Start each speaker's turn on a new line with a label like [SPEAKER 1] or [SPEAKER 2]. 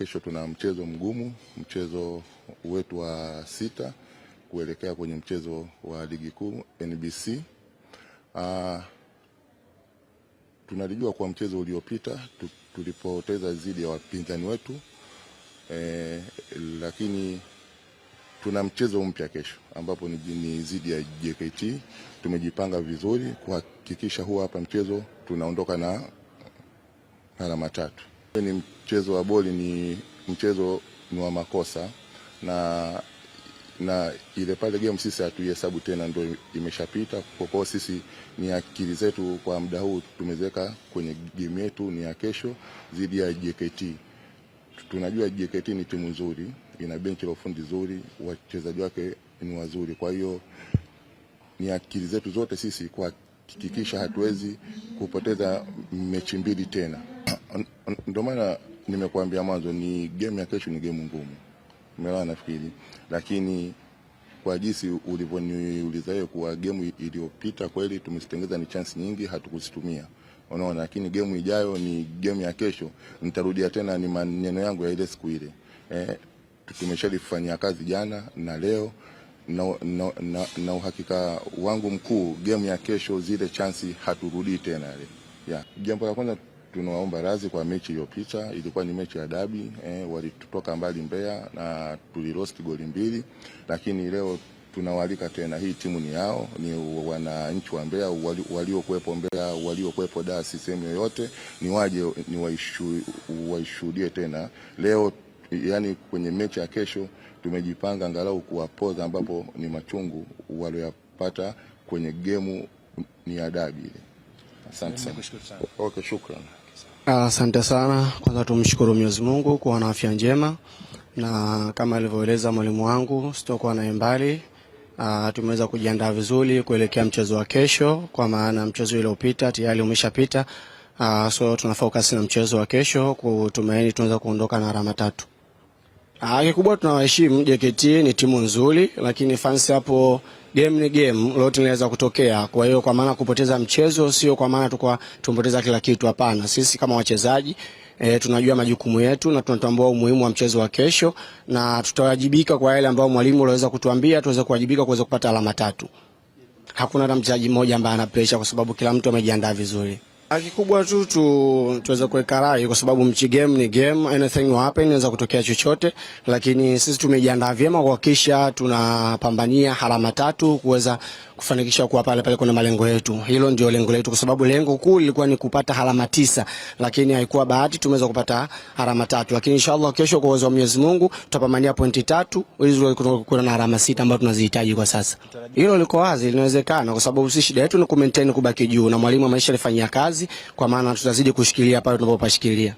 [SPEAKER 1] Kesho tuna mchezo mgumu, mchezo wetu wa sita kuelekea kwenye mchezo wa ligi kuu NBC. Uh, ah, tunalijua kwa mchezo uliopita tulipoteza dhidi ya wapinzani wetu eh, lakini tuna mchezo mpya kesho ambapo ni dhidi ya JKT. Tumejipanga vizuri kuhakikisha huwa hapa mchezo tunaondoka na alama tatu ni mchezo wa boli, ni mchezo ni wa makosa na na ile pale game sisi hatuihesabu tena, ndio imeshapita. Kwa kwa sisi ni akili zetu kwa muda huu tumeziweka kwenye game yetu, ni ya kesho dhidi ya JKT. Tunajua JKT ni timu nzuri, ina benchi la ufundi nzuri wachezaji wake ni wazuri. Kwa hiyo ni akili zetu zote sisi kuhakikisha hatuwezi kupoteza mechi mbili tena. Ndio maana nimekuambia mwanzo, ni game ya kesho, ni game ngumu, umeelewa nafikiri, lakini kwa jinsi ulivyoniuliza hiyo, kuwa game iliyopita kweli tumezitengeza ni chance nyingi, hatukuzitumia unaona, lakini game ijayo ni game ya kesho. Nitarudia tena, ni maneno yangu ya ile siku ile eh, tumeshalifanyia kazi jana na leo na, na, na, na uhakika wangu mkuu game ya kesho, zile chansi haturudii tena ile. Yeah, jambo la kwanza tunawaomba radhi kwa mechi iliyopita, ilikuwa ni mechi ya dabi eh, walitutoka mbali Mbeya na tulirosti goli mbili, lakini leo tunawalika tena. Hii timu ni yao, ni wananchi wa Mbeya waliokuwepo Mbeya, waliokuwepo Dar, si sehemu yoyote, ni waje ni waishuhudie tena leo, yani kwenye mechi ya kesho. Tumejipanga angalau kuwapoza ambapo ni machungu walioyapata kwenye gemu ni adabi dabi. Asante sana. Okay, shukrani.
[SPEAKER 2] Asante sana. Kwanza tumshukuru Mwenyezi Mungu kuwa na afya njema, na kama alivyoeleza mwalimu wangu sitokuwa naye mbali. Ah, tumeweza kujiandaa vizuri kuelekea mchezo wa kesho, kwa maana mchezo uliopita tayari umeshapita. Ah, so tuna focus na mchezo wa kesho, kutumaini tunaweza kuondoka na alama tatu. Ah, Kikubwa tunawaheshimu JKT, ni timu nzuri, lakini fans hapo, game ni game, lolote linaweza kutokea. Kwa hiyo kwa maana kupoteza mchezo sio kwa maana tukwa tumpoteza kila kitu, hapana. Sisi kama wachezaji E, tunajua majukumu yetu na tunatambua umuhimu wa mchezo wa kesho, na tutawajibika kwa yale ambayo mwalimu aliweza kutuambia, tuweze kuwajibika kuweza kupata alama tatu. Hakuna hata mchezaji mmoja ambaye ana presha, kwa sababu kila mtu amejiandaa vizuri. Akikubwa tu tuweze kuweka rai, kwa sababu mchi game ni game, anything will happen, inaweza kutokea chochote, lakini sisi tumejiandaa vyema kuhakikisha tunapambania alama tatu kuweza kufanikisha kuwa pale pale kuna malengo yetu. Hilo ndio lengo letu, kwa sababu lengo kuu lilikuwa ni kupata alama tisa, lakini haikuwa bahati, tumeweza kupata alama tatu, lakini inshallah kesho kwa uwezo wa Mwenyezi Mungu tutapambania pointi tatu ili tuwe na alama sita ambazo tunazihitaji kwa sasa. Hilo liko wazi, linawezekana, kwa sababu sisi shida yetu ni ku maintain kubaki juu, na mwalimu maisha alifanyia kazi kazi, kwa maana tutazidi kushikilia pale tunapopashikilia.